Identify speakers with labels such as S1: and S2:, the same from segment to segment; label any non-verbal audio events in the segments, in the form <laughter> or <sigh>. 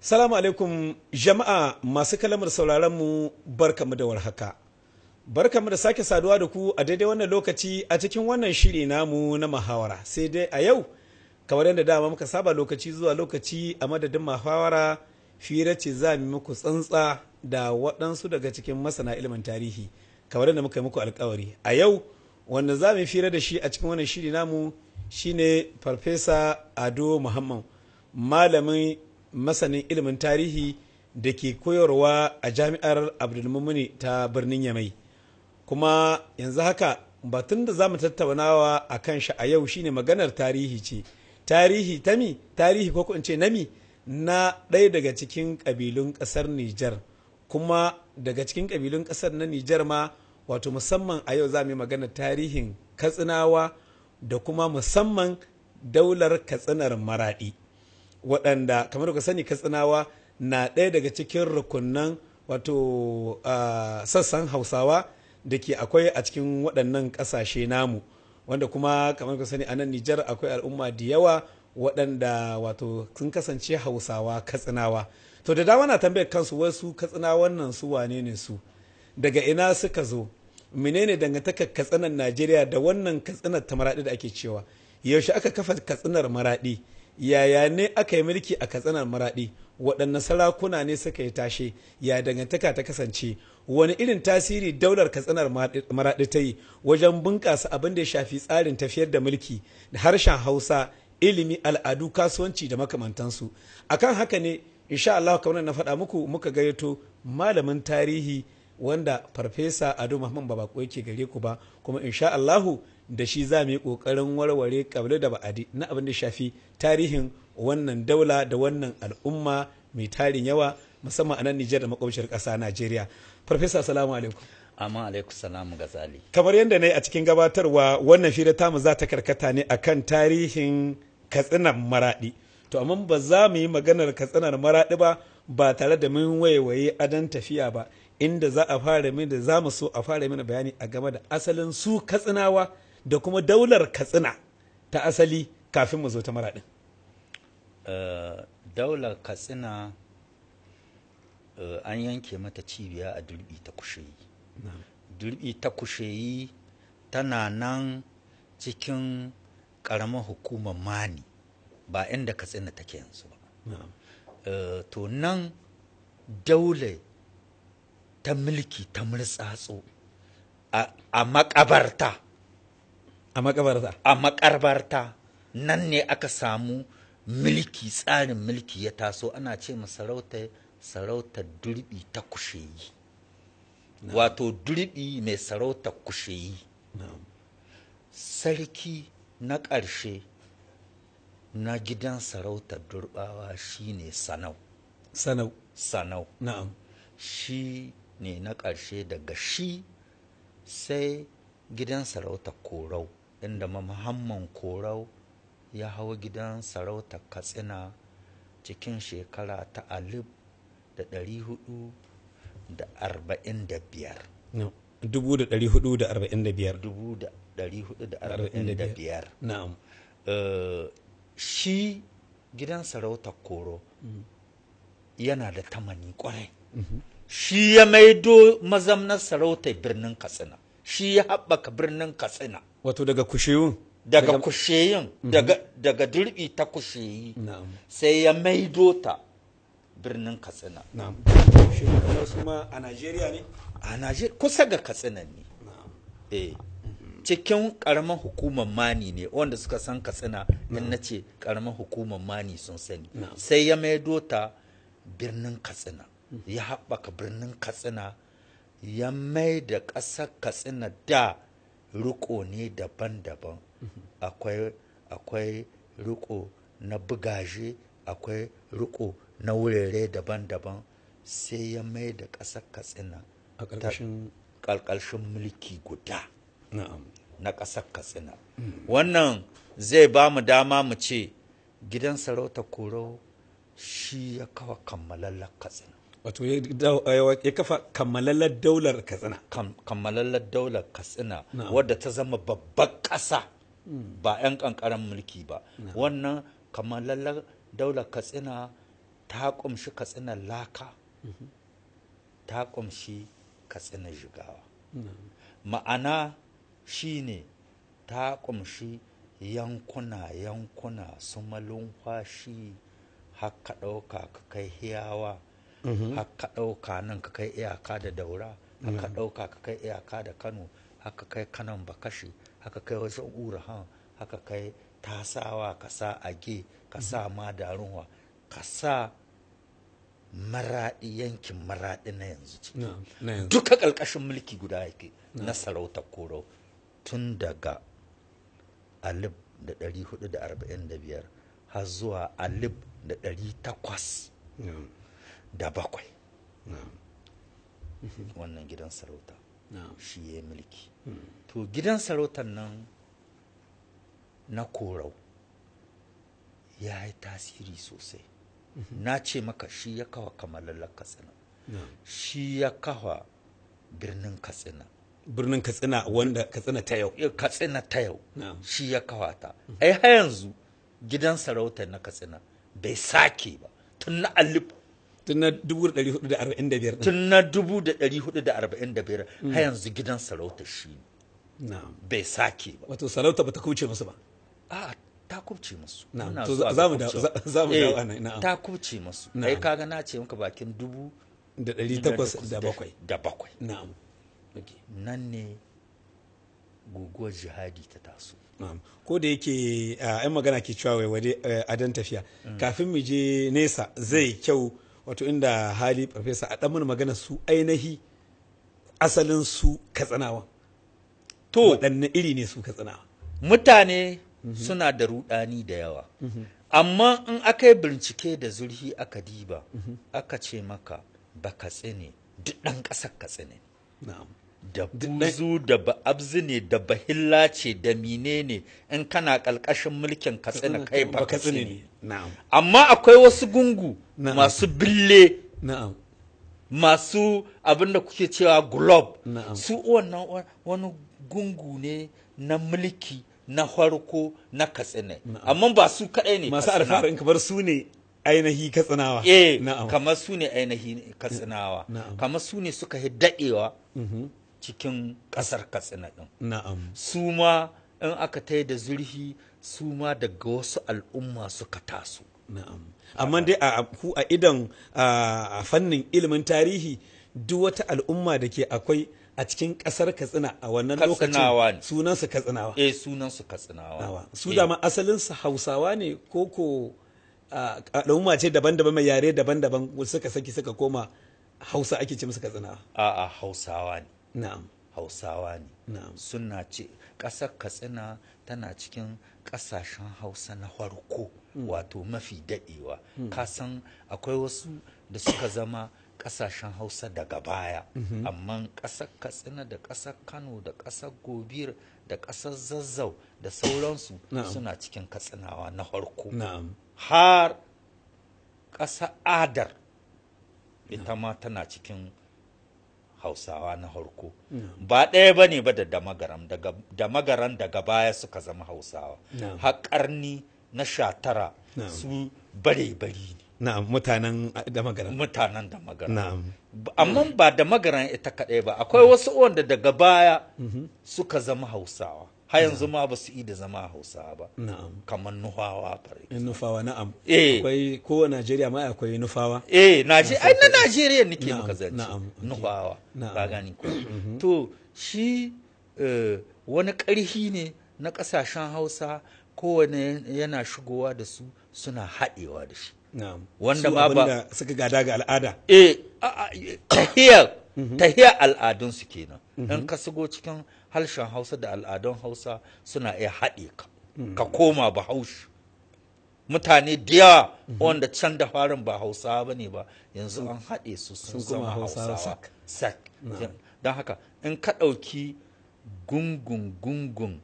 S1: Salamu alaikum jama'a masu kalamar sauraronmu mu barkamu da warhaka. Barkamu da sake saduwa da ku a daidai wannan lokaci a cikin wannan shiri namu na mahawara, Sai dai a yau kamar yadda dama muka saba lokaci zuwa lokaci a madadin mahawara, fira ce za mu muku tsantsa da waɗansu daga cikin masana ilimin tarihi kamar yadda muka yi muku alkawari. A yau wanda za mu fira da shi a cikin wannan shiri namu shine Farfesa Ado Muhammad malamin masanin ilimin tarihi da ke koyarwa a jami'ar abdulmumuni ta birnin yamai kuma yanzu haka batun da za mu tattaunawa a kan shi a yau shine maganar tarihi ce tarihi tami tarihi ko in ce nami na ɗaya daga cikin ƙabilun ƙasar Nijar kuma daga cikin ƙabilun ƙasar na Nijar ma wato musamman a yau za mu yi maganar tarihin katsinawa da kuma musamman daular katsinar maraɗi. waɗanda kamar ka sani katsinawa na ɗaya daga cikin rukunan wato sassan hausawa da ke akwai a cikin waɗannan ƙasashe namu wanda kuma kamar ka sani a nan nijar akwai al'umma da yawa waɗanda wato sun kasance hausawa katsinawa to da dama na tambayar kansu wasu katsinawan nan su wane ne su daga ina suka zo menene dangantakar katsinan najeriya da wannan katsinar ta maraɗi da ake cewa yaushe aka kafa katsinar maraɗi yaya ne aka yi mulki a katsinar maraɗi waɗanne sarakuna ne suka yi tashe ya dangantaka ta kasance wani irin tasiri daular katsinar maraɗi ta yi wajen bunƙasa abin da ya shafi tsarin tafiyar da mulki da harshen hausa ilimi al'adu kasuwanci da makamantansu akan haka ne insha Allah kamar na faɗa muku muka gayyato malamin tarihi wanda farfesa ado muhammad babako yake gare ku ba kuma insha Allahu da shi za mu yi ƙoƙarin warware ƙabli da ba'adi na abin da shafi tarihin wannan daula da wannan al'umma mai tarin yawa musamman a nan Nijar da makwabciyar ƙasa Najeriya. Farfesa salamu alaikum.
S2: amma alaikum salamu gazali
S1: kamar yadda na yi a cikin gabatarwa wannan fira mu za ta karkata ne akan tarihin katsinan maraɗi to amma ba za mu yi maganar katsinar maraɗi ba ba tare da mun waiwaye adon tafiya ba inda za a fara mini da za mu so a fara mini bayani a game da asalin su katsinawa da kuma daular katsina ta asali kafin mu zo ta maraɗin
S2: eh, daular katsina eh, an yanke mata cibiya a durbi ta kusheyi durbi ta kusheyi tana nan cikin ƙaramar hukumar mani ba inda katsina take yanzu ba eh, to nan daular ta mulki ta murtsatso a, a a makabarta a makabarta nan ne aka samu milki tsarin milki ya taso ana ce masarautar sarautar durbi ta kusheyi yi. wato durbi mai sarautar kusheyi yi. sarki na ƙarshe na gidan sarautar durbawa ne sanau sanau sanau na'am shi ne na ƙarshe daga shi sai gidan sarautar korau inda Muhammad Korau ya hau gidan sarautar Katsina cikin shekara ta alif da ɗari hudu da arba'in da biyar. Dubu da ɗari hudu da arba'in da biyar. Dubu da ɗari hudu da arba'in da biyar. Na'am. Eh, shi gidan sarauta Koro mm-hmm. yana da tamani kwarai. Mm-hmm. Shi ya maido mazamnar sarauta birnin Katsina. Shi ya haɓaka birnin Katsina. wato daga kushewun? daga kushewun, mhm. daga durbi ta kusheyi sai ya maido ta birnin katsina a najeriya kusa ga katsina ne eh. cikin karamar hukumar mani ne wanda suka san katsina in na ce karamar hukumar mani sun sani sai ya maido ta birnin katsina mhm. ya haɓaka birnin katsina ya mai da ƙasar katsina da riƙo ne daban-daban akwai akwai riƙo na bugaje akwai riƙo na wurare daban-daban sai ya mai da ƙasar katsina a ƙarƙashin mulki guda na ƙasar katsina hmm. wannan zai ba mu dama mu ce gidan sarauta koro shi ya kawa kammalar katsina wato ya kafa kammalallar daular katsina kammalallar daular katsina wadda ta zama babbar ƙasa hmm. ba 'yan ƙanƙaran mulki ba wannan kammalallar daular katsina ta ƙumshi katsina laka mm-hmm. ta ƙumshi katsina shigawa. ma'ana shine ta ƙumshi yankuna yankuna su malumfashi haka ɗauka ka kai hiyawa Mm-hmm. haka ɗauka nan ka kai iyaka da daura haka mm-hmm. ɗauka ka kai iyaka da kano haka kai kanan bakashi haka kai wasu urahan haka kai tasawa ka sa age ka sa mm-hmm. madarunwa ka sa maraɗi yankin maraɗi na yanzu ciki duka ƙarƙashin mulki guda yake na sarautar koro tun daga alif da ɗari hudu da arba'in da biyar har zuwa alif da ɗari takwas da bakwai wannan gidan sarauta shi ya mulki hmm. to gidan sarautar nan na korau ya yi tasiri sosai mhm. na ce maka shi ya kawa kamalallar katsina shi ya kawa birnin katsina birnin katsina wanda katsina ta yau eh, katsina ta yau shi ya kawa ta mhm. ai har yanzu gidan sarautar na katsina bai sake ba tun na alif tun na 1445 tun na 1445 mm. har yanzu gidan sarauta shi ne. bai sake ba wato sarauta ba ta kuce musu ba a ta kubce musu to za mu za mu eh, dawo nan na'am ta kubce musu kai kaga na ce maka bakin dubu da dari takwas da bakwai da bakwai na'am nan ne guguwar jihadi ta taso ko da
S1: yake yan magana ke cewa eh, a dan tafiya mm. kafin mu je nesa zai kyau wato inda hali farfesa a ɗan magana su ainihi asalin
S2: su katsinawa to waɗanne iri ne su katsinawa mutane mhm. suna da ruɗani da yawa mhm. amma in aka yi bincike da zurhi aka diba mhm. aka ce maka ba katsi ne duk ɗan ƙasar katsi ne da buzu da ba'abzi ne da bahilla ce da mine ne in kana ƙalƙashin mulkin katsina kai ba katsina ne amma akwai wasu gungu masu bille masu abinda kuke cewa glob su wannan wani gungu ne na mulki na farko na katsina amma ba su kaɗai ne masu alfarin eh, kamar su ne ainihi katsinawa eh kamar su ne ainihi katsinawa kamar su ne suka daɗewa mhm. cikin ƙasar katsina
S1: ɗin
S2: su ma in aka tai da zurhi su ma daga wasu al'umma suka taso Na'am amma dai a ku a
S1: idan a fannin ilimin tarihi duk wata al'umma da ke akwai a cikin ƙasar katsina a wannan lokacin sunansu katsinawa eh
S2: sunansu katsinawa
S1: su eh. dama asalinsu hausawa ne ko ko al'umma ce daban-daban mai yare
S2: daban-daban suka saki suka koma hausa ake ce musu katsinawa a'a hausawa ne hausawa ne suna ce ƙasar katsina tana cikin ƙasashen hausa na farko hmm. wato mafi daɗewa hmm. kasan akwai wasu da suka zama ƙasashen hausa daga baya mhm. amma ƙasar katsina da ƙasar kano da ƙasar gobir da ƙasar zazzau da sauransu <coughs> suna cikin katsinawa na farko har ƙasar adar ita ma tana cikin hausawa na harko ba ɗaya ba ne ba da damagaran daga baya suka zama hausawa haƙarni na sha tara su bare-bari
S1: ne Na'am mutanen
S2: damagaran Mutanen Amma ba da magaran ita kaɗai ba, akwai wasu wanda daga baya mm-hmm. suka zama Hausawa. har yanzu ma ba su yi da zama hausa ba na'am kamar nufawa fare
S1: eh, nufawa na'am eh akwai ko a Najeriya ma akwai
S2: nufawa eh Najeriya ai na Najeriya nake maka zance na'am nufawa ba gani ko mm-hmm. to shi eh, wani ƙarfi ne na ƙasashen Hausa kowane yana shigowa da su suna haɗewa da shi na'am wanda ma ba suka gada ga al'ada eh, eh tahiyar mm-hmm. tahiyar al'adun su kenan mm-hmm. in ka shigo cikin harshen hausa da al'adun hausa suna iya haɗe ka hmm. ka koma bahaushe mutane da yawa hmm. wanda can da farin ba hausawa ba ne ba yanzu an haɗe su sun zama hausawa sak don haka in ka ɗauki gungun gungun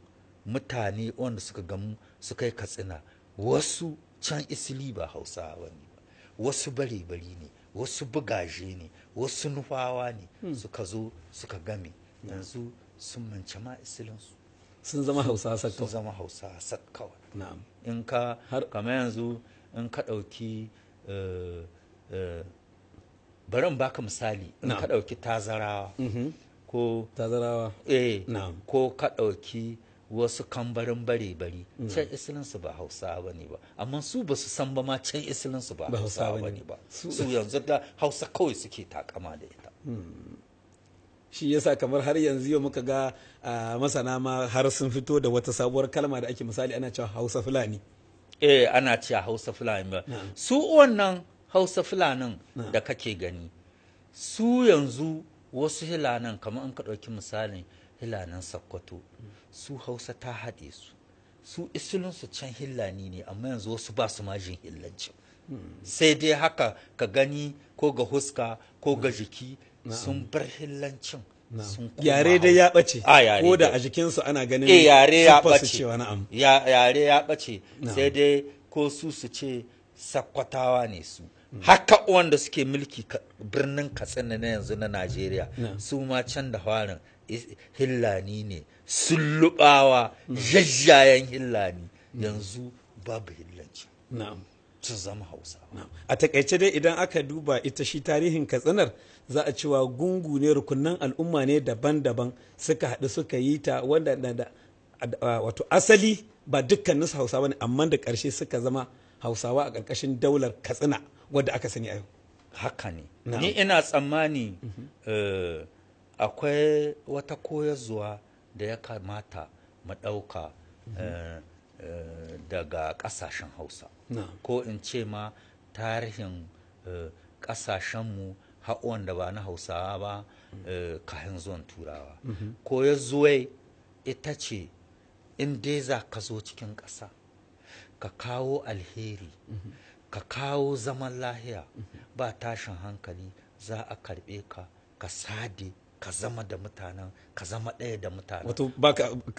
S2: mutane wanda suka gamu suka yi katsina wasu can isili ba hausa ba ne ba wasu bare-bari ne wasu bugaje ne wasu nufawa ne hmm. suka zo suka game yanzu sun manci ma isilinsu sun zama hausa sakkawa. sun zama hausa sak kawai na'am in ka har kama yanzu in ka ɗauki eh, eh, barin baka misali in ka ɗauki tazarawa mm-hmm. ko tazarawa eh ko ka ɗauki wasu kambarin bare bari mm. can isilinsu ba hausa ba ne ba amma su ba su san ba ma can isilinsu ba hausa ba ne ba su yanzu da hausa kawai suke takama da ita hmm. shi yasa
S1: kamar har yanzu yau muka ga masana ma har sun fito da wata sabuwar kalma da ake misali ana cewa hausa fulani
S2: eh ana cewa hausa fulani ba su wannan hausa fulanin da kake gani su yanzu wasu hilanan kamar an ka ɗauki misalin hilanan sakkwato su hausa ta haɗe su su isilinsu can hillani ne amma yanzu wasu ba su majin hillancin hmm. sai dai haka ka gani ko ga huska ko ga jiki sun bar hillancin yare dai ya bace ko da a jikinsu ana ganin e yare ya ɓace yare ya bace sai dai ko su su ce sakwatawa ne su haka wanda suke mulki birnin katsina na yanzu na najeriya su ma can da farin hillani ne sun lubawa hillani yanzu babu hillanci su zama hausa a takaice dai
S1: idan aka duba ita shi tarihin katsinar za a cewa gungu ne rukunan al'umma ne daban-daban suka haɗu suka yi ta wanda wato asali ba dukkanin su hausa ne amma da ƙarshe suka zama hausawa a ƙarƙashin daular katsina wadda aka sani
S2: a haka ne ni ina tsammani eh, akwai wata koyarwa da ya kamata mu ɗauka mm-hmm. eh, eh, daga ƙasashen hausa ko in ce ma tarihin mu haƙon da ba na hausawa ba mm-hmm. eh, kahin zuwan turawa mm-hmm. ko ya zuwai ita ce in dai za ka zo cikin ƙasa ka kawo alheri mm-hmm. ka kawo zaman lahiya ba tashin hankali za a karɓe ka ka sade ka zama da mutanen ka zama ɗaya da mutanen wato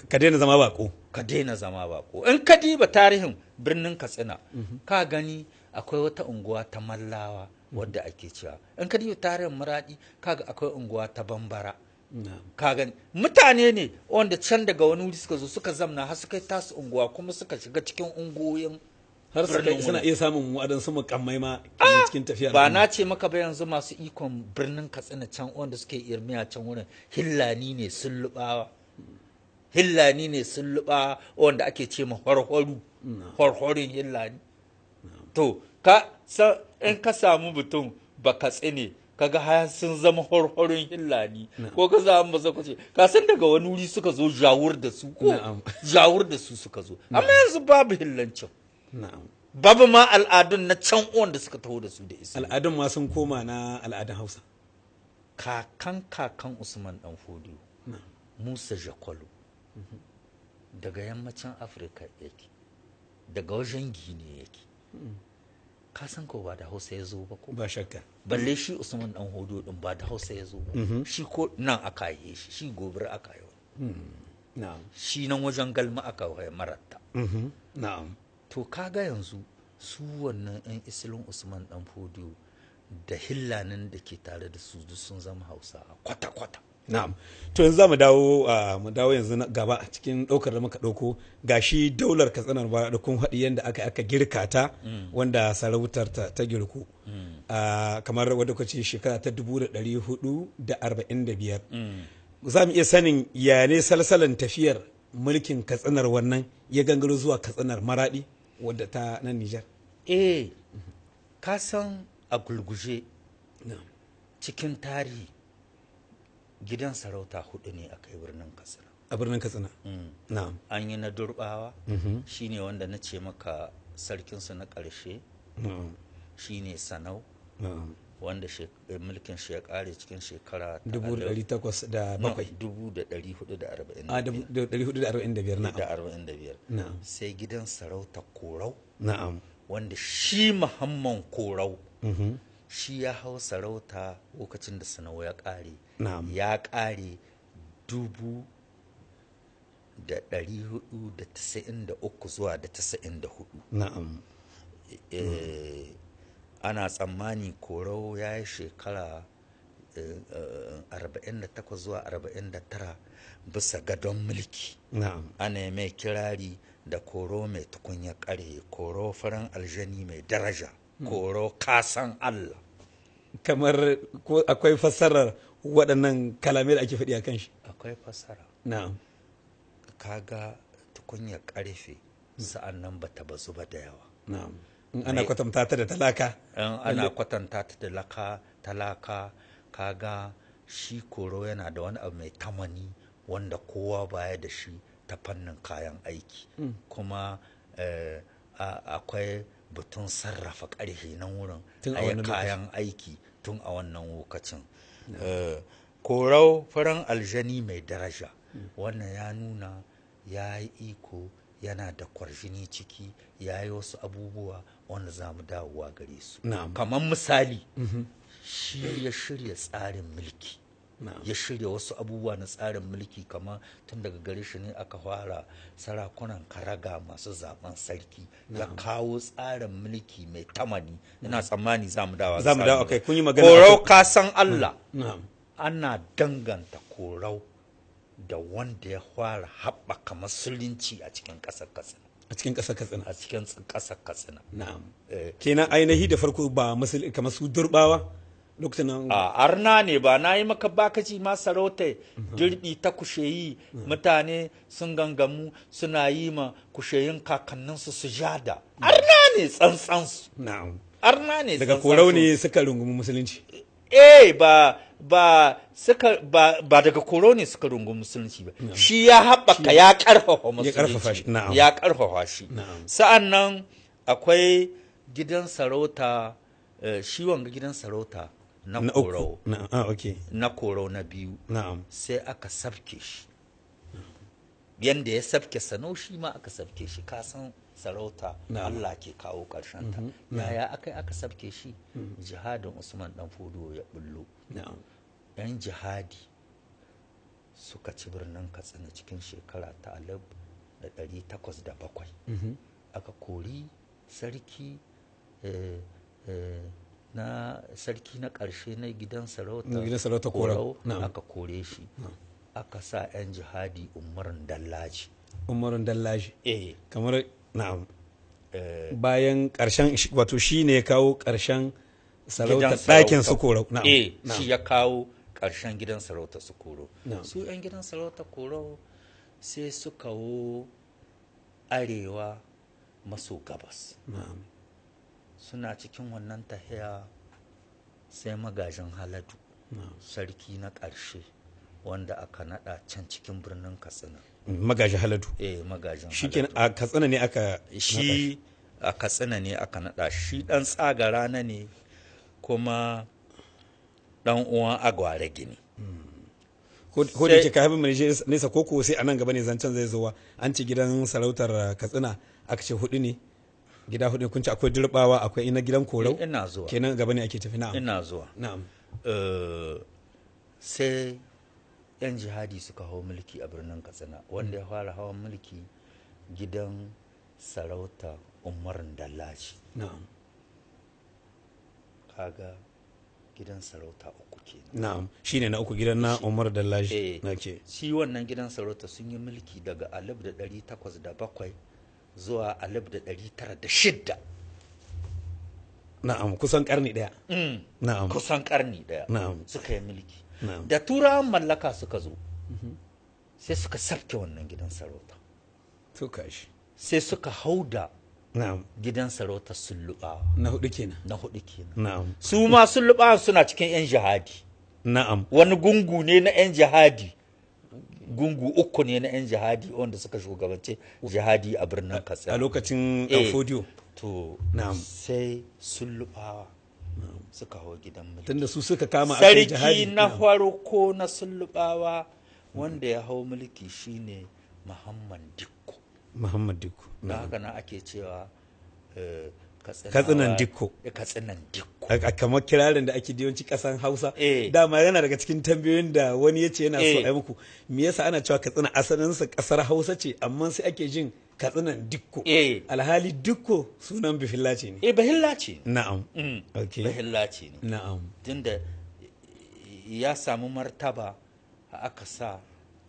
S1: ka daina zama bako ka daina zama bako in
S2: ka diba tarihin birnin katsina mhm. ka gani akwai wata unguwa ta mallawa mhm. wadda ake cewa in ka diba tarihin muradi kaga akwai unguwa ta bambara Ka gani. mutane ne wanda can daga wani wuri suka zo suka zamna har suka tasu unguwa kuma suka shiga cikin unguwoyin har suka yi suna iya
S1: samun su mukammai ma ah! a cikin tafiya ba na
S2: ce maka ba yanzu masu ikon birnin katsina can wanda suke irmiya can wurin hillani ne sun lubawa hillani ne sun luba wanda ake ce ma horhoru horhorin hillani to ka sa in ka samu mutum ba katsine kaga har sun zama horhorin hillani ko ka samu mu zaka ce ka san daga wani wuri suka zo jawur da su ko jawur da su suka zo amma yanzu babu hillancin babu ma al'adun na can uwan da suka taho da su da isa al'adun ma sun koma na al'adun hausa kakan kakan usman dan fodiyo musa jakwalo mm-hmm. daga yammacin afirka yake daga wajen gini yake mm-hmm. ka san ko ba da hausa ya zo ba ko ba shakka balle shi usman dan hodo din ba da hausa ya zo ba mm-hmm. shi ko nan aka yi shi shi gobir aka yi na'am shi nan wajen galma aka yi maratta na'am to ka ga yanzu su wannan 'yan isilin usman dan fodiyo da hillanin da ke tare da su duk sun zama hausa kwata-kwata na'am
S1: to yanzu za mu dawo ah, mu dawo yanzu gaba cikin ɗaukar da muka ɗauko gashi daular katsinar ba da kun haɗi yadda aka aka girka ta mm. wanda sarautar ta ta girku mm. ah, kamar wadda ce shekara ta dubu da ɗari hudu da arba'in da biyar mm. za mu iya sanin ya ne salsalan tafiyar mulkin katsinar wannan ya gangaro zuwa
S2: katsinar maraɗi wadda ta na Nijar? Eh, mhm. ka san a gulguje cikin tarihi gidan sarauta hudu ne a kai birnin Katsina.
S1: A birnin Katsina? Mm. Na'am.
S2: An yi na Durbawa, mm-hmm. shine wanda na ce maka sarkinsu na ƙarshe, shine Sanau. wanda eh, mulkin shi ya kare cikin shekara 1445 ah, sai gidan sarauta korau wanda shi muhamman korau mm-hmm. shi ya hau sarauta lokacin da sanau ya kare ya kare dubu da ɗari hudu da tasa'in da uku zuwa da tasa'in da hudu ana tsammani korau ya yi shekara 48 eh, eh, zuwa 49 bisa gadon mulki ana mai kirari da koro mai tukunya kare koro farin aljani mai daraja hmm. koro kasan allah
S1: kamar akwai fassarar waɗannan kalamai da ake faɗi a kan shi
S2: akwai fassara na'am kaga tukunya ƙarfe hmm. sa'an nan bata bazu ba da yawa na'am in ana kwatanta
S1: ta da talaka ana
S2: kwatanta ta da laka talaka kaga shi koro yana da wani abu mai tamani wanda kowa baya da shi ta fannin kayan aiki mm. kuma eh, akwai batun sarrafa ƙarfe nan wurin a kayan aiki tun a wannan lokacin eh, korau faran aljani mai daraja mm. wannan ya nuna ya yi iko yana da kwarjini ciki ya yi wasu abubuwa wanda za mu dawowa gare su kamar misali mhm. shi ya shirya tsarin mulki ya shirya wasu abubuwa na tsarin mulki kamar tun daga gare shi ne aka fara sarakunan karaga masu zaben sarki ya kawo tsarin mulki mai tamani ina tsammani za mu dawa za mu dawa kai kun yi magana korau ka san Allah mm, ana danganta korau da wanda ya fara haɓaka musulunci a cikin ƙasar ƙasar a cikin ƙasar katsina a cikin ƙasar katsina na'am eh,
S1: kenan ainihi da farko ba musulmi kamar su
S2: durbawa lokacin nan a arna ne ba na yi maka bakaci ma sarauta dirbi ta kusheyi mutane sun gangamu suna yi ma kusheyin kakanninsu su jada arna ne tsantsansu
S1: na'am arna ne daga korau ne
S2: suka rungumi musulunci eh ba ba daga koro ne suka rungu musulunci ba shi ya haɓaka ya ƙarfafa musulunci ya ƙarfafa shi sa'an nan akwai gidan sarauta eh, shi wanga gidan sarauta na korau na ah, koro na biyu sai aka sabke shi yanda ya sabke sanau shi ma aka sabke shi kasan sarauta Allah ke kawo ƙarshenta mhm. yaya aka aka sabke shi mhm. jihadin usman dan fodo ya bullo yan jihadi suka ci birnin katsina cikin shekara ta alif da ɗari takwas da bakwai mhm. aka kori sarki eh, eh, na sarki na ƙarshe na gidan sarauta korau aka kore shi aka sa 'yan jihadi umarin dallaji
S1: umarin dallaji eh kamar na'am eh, bayan karshen wato shi ne kawo karshen sarauta ɗakin sukoro eh, na'am shi
S2: ya kawo karshen gidan su sukoro su yan gidan sarauta koro sai su kawo arewa maso gabas suna cikin wannan tahiya sai magajin haladu sarki na ƙarshe wanda aka naɗa can cikin birnin katsina magaji halatu eh magajin shi ke a katsina ne aka shi a katsina ne aka naɗa shi ɗan tsaga rana ne kuma ɗan uwan agware gini ko da ke
S1: ka haifin nesa ko ko sai a nan gaba ne zancen zai zowa an ci gidan sarautar katsina aka ce hudu ne gida hudu kun ci akwai dirbawa akwai ina gidan korau eh, ina zuwa kenan gaba ne ake tafi na'am ina zuwa na'am
S2: eh, sai 'yan jihadi suka hau mulki a birnin katsina wanda ya fara hawan mulki gidan sarauta umarin dallaci kaga gidan sarauta uku ke na'am shi na uku gidan na umar dallaci ke eh, shi wannan gidan sarauta sun yi mulki daga alif da da takwas bakwai zuwa alif da da tara shidda.
S1: na'am kusan karni daya
S2: mm. na'am kusan karni daya na'am suka yi mulki da turawan mallaka suka zo sai suka sabke wannan gidan sarauta sai suka hauda gidan sarauta sulluɓa na hudu kenan na hudu
S1: kenan
S2: su ma sulluɓa suna cikin yan jihadi na'am wani gungu ne na yan jihadi gungu uku ne na yan jihadi wanda suka shugabance jihadi a birnin katsina a lokacin alfodiyo eh, to na'am sai sulluɓawa suka hau gidan mulki tunda su suka kama a sarki na farko na sulubawa wanda ya hau mulki shine muhammad dikko
S1: muhammad dikko da haka
S2: nan ake cewa eh, katsinan dikko eh, katsinan dikko
S1: kamar kirarin da ake yawanci kasan hausa eh. dama yana daga cikin tambayoyin da wani ya ce yana so a muku me yasa ana cewa katsina asalinsa kasar hausa ce amma sai ake jin katsinan dikko eh. alhali dikko sunan bihilla ce ne
S2: eh bihilla ce
S1: na'am mm. okay
S2: bihilla ce ne na'am tunda ya samu martaba aka sa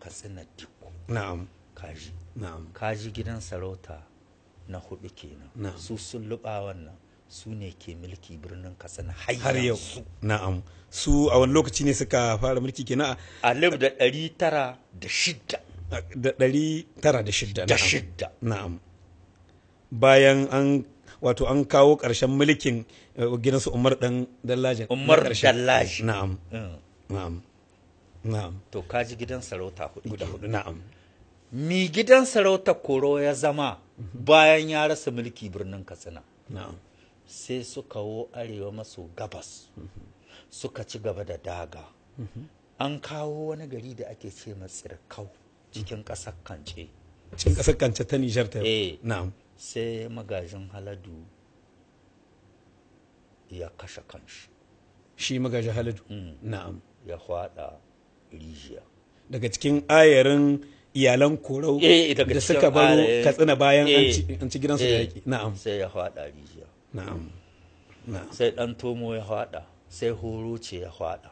S2: katsina dikko na'am kaji na'am kaji gidan sarauta na hudu kenan su sun luba wannan su ne ke mulki birnin katsina har yau na'am
S1: su a wani lokaci ne suka fara mulki kenan a
S2: alif da ɗari
S1: tara da shidda da ɗari tara da shidda da shidda na'am bayan an wato an kawo ƙarshen mulkin eh, gidansu umar Dan
S2: dallaji umar dallaji na'am mm. na'am na'am to kaji gidan sarauta guda hudu na'am mi gidan sarauta koro ya zama mhm. bayan ya rasa mulki birnin katsina na'am sai suka wo arewa maso gabas mhm. suka ci gaba da daga mhm. an kawo wani gari da ake ce matsirkau cikin ƙasar kance cikin ƙasar kance ta nijar ta eh. na'am sai magajin haladu ya kashe kanshi
S1: shi magajin haladu mm. na'am
S2: ya hwada rijiya
S1: daga cikin ayarin iyalan korau eh, da suka baro katsina bayan an ci eh. gidansu da yake. na'am
S2: sai ya hwada rijiya na'am sai dan tomo ya hwada sai horo ce ya hwada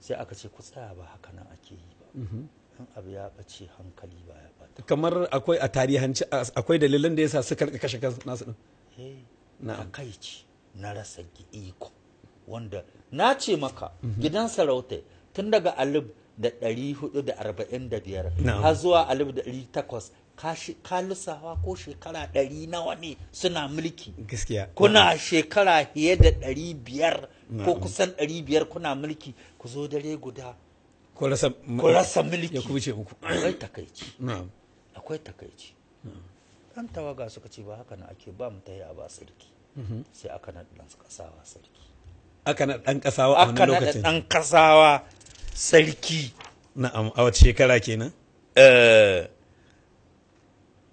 S2: sai aka ce ku tsaya ba haka nan ake yi ba mm-hmm. in abu ya ɓace hankali ba ya
S1: ɓata kamar akwai a tarihanci akwai dalilin da yasa suka
S2: rika kashe kansu nasu din eh, na kai ci na rasa iko wanda na ce maka mhm. gidan sarauta tun daga alif da ɗari hudu da arba'in da biyar har zuwa alif da ɗari takwas ka lusawa ko shekara ɗari nawa ne suna mulki gaskiya kuna shekara fiye da ɗari biyar ko kusan ɗari biyar kuna mulki ku zo dare guda
S1: ko rasa ko rasa mulki
S2: ya kubuce muku akwai takaici akwai takaici dan tawaga suka ce ba haka na ake ba mu tayi a ba sarki mhm. sai aka na dan kasawa sarki
S1: aka na dan kasawa a wannan lokacin aka na dan kasawa sarki na'am a wace shekara kenan
S2: eh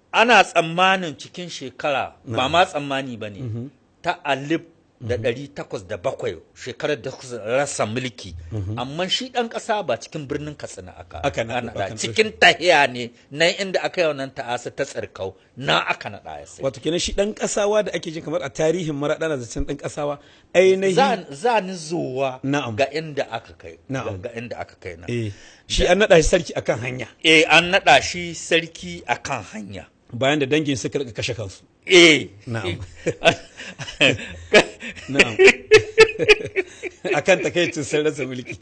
S2: ana tsammanin cikin shekara ba ma tsammani ba ne mhm. ta alif da ɗari takwas da bakwai shekarar da rasa mulki mhm. amma shi ɗan ƙasa ba cikin birnin katsina aka naɗa cikin tahiya ne na inda aka yi wannan ta'asa ta tsirkau na aka naɗa ya sai
S1: wato kenan shi ɗan ƙasawa da ake jin kamar a tarihin mara ɗana zancen ɗan ƙasawa ainihin
S2: za ni zuwa ga inda aka kai ga inda aka kai na eh,
S1: shi an naɗa shi sarki akan hanya
S2: eh an naɗa shi sarki akan hanya bayan da dangin suka kashe kansu
S1: eh na'am <laughs> <laughs> akan takaicin sun rasa mulki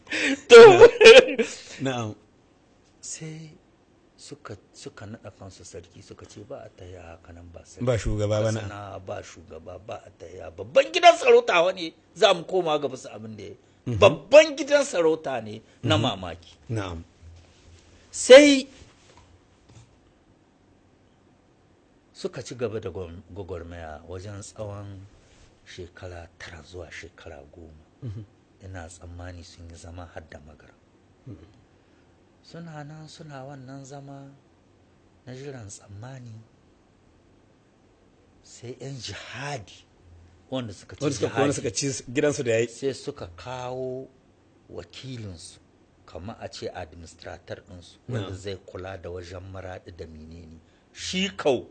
S1: na'am
S2: sai suka suka nada kansu sarki suka ce ba a ta haka nan ba sarki ba shugaba ba na ba shugaba ba a ta ya babban gidan sarauta wani za mu koma ga basu abin da ya mhm. babban gidan sarauta ne na mhm. mamaki na'am sai suka ci gaba da gwagwarmaya wajen tsawon shekara tara zuwa shekara goma mm-hmm. ina tsammani sun yi zama hadda magara mm-hmm. suna nan suna wannan zama na jiran tsammani sai 'yan jihadi wanda suka ci wanda suka ci gidansu da ya yi. sai suka kawo wakilinsu kama a ce administrator ɗinsu wanda zai kula da wajen maraɗi da menene shi kau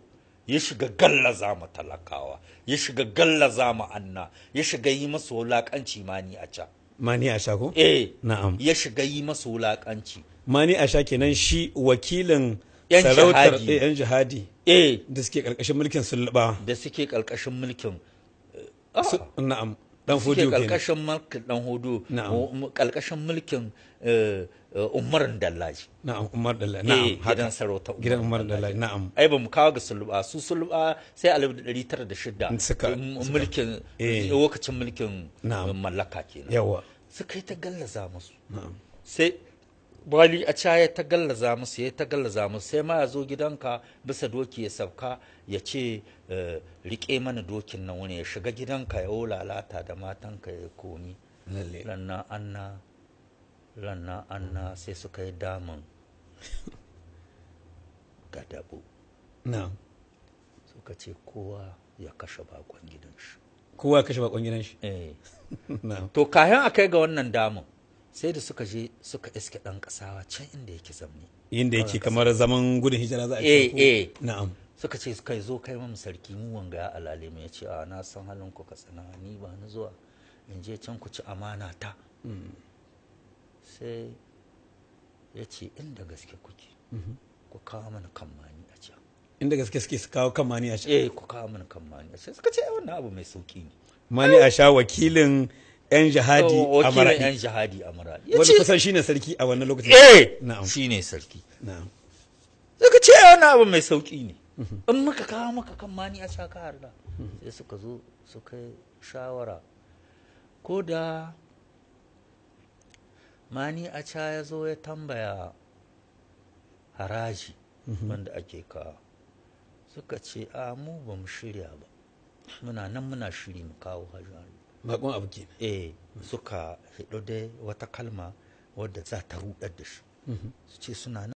S2: ya shiga za mu talakawa ya shiga za mu anna ya shiga yi masa wulaƙanci mani a ca mani a sha ko eh na'am ya shiga yi masa wulaƙanci
S1: mani a sha kenan shi wakilin sarautar eh, yan jihadi eh da suke karkashin mulkin sulba
S2: da suke karkashin mulkin eh, ah. na'am dan hodo kenan karkashin mulkin dan hodo karkashin mulkin eh, Eh, Umar Dallaji. Na'am Umar Dallaji. Na'am. Eh, gidan sarauta Umar. Gidan Umar Dallaji. Na'am. Ai ba mu kawo ga sulba su sulba sai da da dari tara suka mulkin eh. lokacin mulkin mallaka kenan. Yawa. Suka yi ta gallaza musu. Na'am. Sai Bali a ya ta gallaza musu ya ta gallaza musu sai ma ya zo gidanka bisa doki ya sauka ya ce rike mana dokin nan wani ya shiga gidanka ya lalata da matanka ya komi. Lalle. Anna. lanna anna sai suka yi damin <laughs> gadabo na suka ce kowa ya kashe bakon gidan shi kowa ya kashe bakon gidan shi eh <laughs> to kayan a kai ga wannan damun sai da suka je suka iske dan kasawa can inda yake zamne inda yake kamar zaman gudun hijira za a ce eh, eh na'am suka ce kai zo kai mu sarki mu wanga ya alale ya ce a na san halin ku ka tsana ni ba ni zuwa in je can ku ci amana ta hmm. sai ya ce inda gaske kuke mhm. ku kawo mana kammani a can
S1: inda gaske suke su kawo kammani a can eh
S2: ku kawo mana kammani a can suka ce wannan abu mai sauki ne
S1: mani a sha wakilin yan jihadi oh, a maradi yan jihadi a maradi Wani kusan shine sarki a wannan lokacin eh na'am shine
S2: sarki na'am suka ce wannan abu mai sauki ne mhm. in muka kawo maka kammani a sha ka harda mhm. sai suka zo suka shawara ko da mani a ca ya zo ya tambaya haraji mhm. wanda ake kawo suka ce a mu ba mu shirya ba muna nan muna shiri mu kawo hajjari bakon abu ke eh suka hido da wata kalma wadda za ta rudar da shi mhm. su ce suna